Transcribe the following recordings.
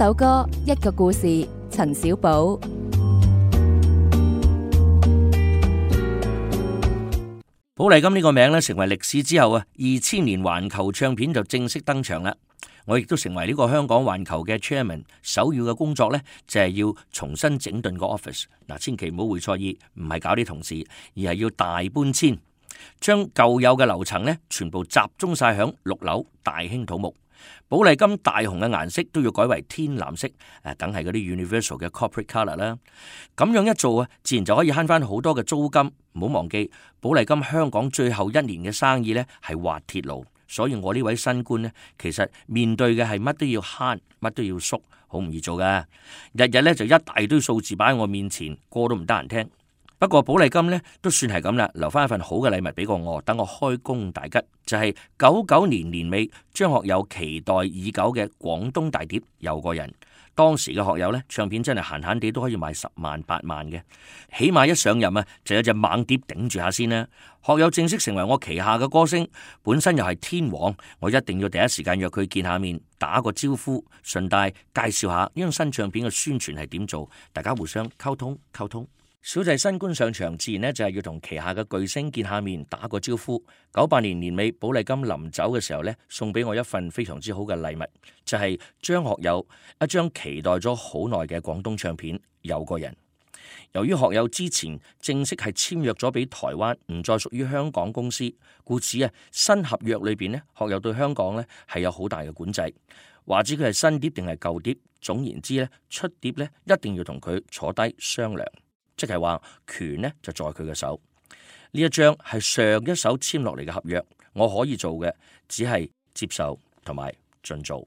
首歌一個故事，陳小寶。寶麗金呢個名咧成為歷史之後啊，二千年環球唱片就正式登場啦。我亦都成為呢個香港環球嘅 chairman，首要嘅工作呢就係要重新整頓個 office。嗱，千祈唔好會錯意，唔係搞啲同事，而係要大搬遷，將舊有嘅樓層呢全部集中晒響六樓，大興土木。寶麗金大紅嘅顏色都要改為天藍色，誒、啊，梗係嗰啲 universal 嘅 corporate color 啦。咁樣一做啊，自然就可以慳翻好多嘅租金。唔好忘記，寶麗金香港最後一年嘅生意呢係滑鐵路，所以我呢位新官呢，其實面對嘅係乜都要慳，乜都要縮，好唔易做㗎。日日呢，就一大堆數字擺喺我面前，歌都唔得人聽。不過寶麗金呢都算係咁啦，留翻一份好嘅禮物俾個我，等我開工大吉。就係九九年年尾，張學友期待已久嘅廣東大碟有個人。當時嘅學友呢，唱片真係閒閒地都可以賣十萬八萬嘅，起碼一上任啊，就有隻猛碟頂住下先啦。學友正式成為我旗下嘅歌星，本身又係天王，我一定要第一時間約佢見下面打個招呼，順帶介紹下呢張新唱片嘅宣傳係點做，大家互相溝通溝通。溝通小弟新官上場，自然呢，就係要同旗下嘅巨星見下面打個招呼。九八年年尾，寶麗金臨走嘅時候呢，送俾我一份非常之好嘅禮物，就係張學友一張期待咗好耐嘅廣東唱片《有個人》。由於學友之前正式係簽約咗俾台灣，唔再屬於香港公司，故此啊新合約裏邊呢，學友對香港呢係有好大嘅管制，話知佢係新碟定係舊碟。總言之呢，出碟呢一定要同佢坐低商量。即係話權呢就在佢嘅手，呢一張係上一手簽落嚟嘅合約，我可以做嘅只係接受同埋盡做。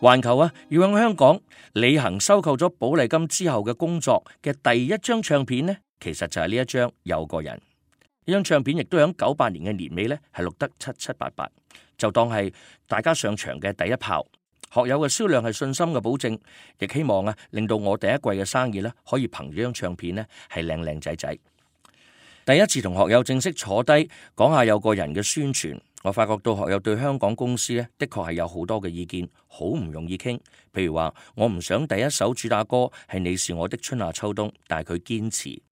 環球啊，要喺香港履行收購咗寶麗金之後嘅工作嘅第一張唱片呢，其實就係呢一張《有個人》。呢張唱片亦都喺九八年嘅年尾呢，係錄得七七八八，就當係大家上場嘅第一炮。學友嘅銷量係信心嘅保證，亦希望啊，令到我第一季嘅生意呢，可以憑呢張唱片呢，係靚靚仔仔。第一次同學友正式坐低講下《有個人》嘅宣傳。我發覺到學友對香港公司咧的確係有好多嘅意見，好唔容易傾。譬如話我唔想第一首主打歌係你是我的春夏秋冬，但係佢堅持，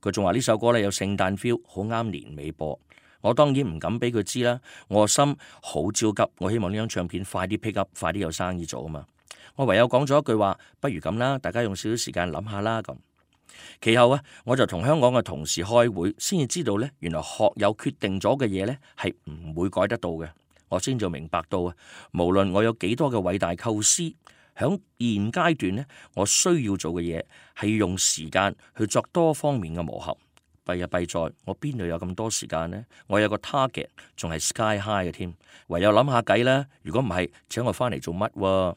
佢仲話呢首歌咧有聖誕 feel，好啱年尾播。我當然唔敢俾佢知啦，我心好焦急。我希望呢張唱片快啲 pick up，快啲有生意做啊嘛。我唯有講咗一句話，不如咁啦，大家用少少時間諗下啦咁。其後啊，我就同香港嘅同事開會，先至知道咧，原來學友決定咗嘅嘢呢，係唔會改得到嘅。我先至明白到啊，無論我有幾多嘅偉大構思，響現階段呢，我需要做嘅嘢係用時間去作多方面嘅磨合。弊啊弊在我邊度有咁多時間呢？我有個 target 仲係 sky high 嘅添，唯有諗下計啦。如果唔係，請我返嚟做乜？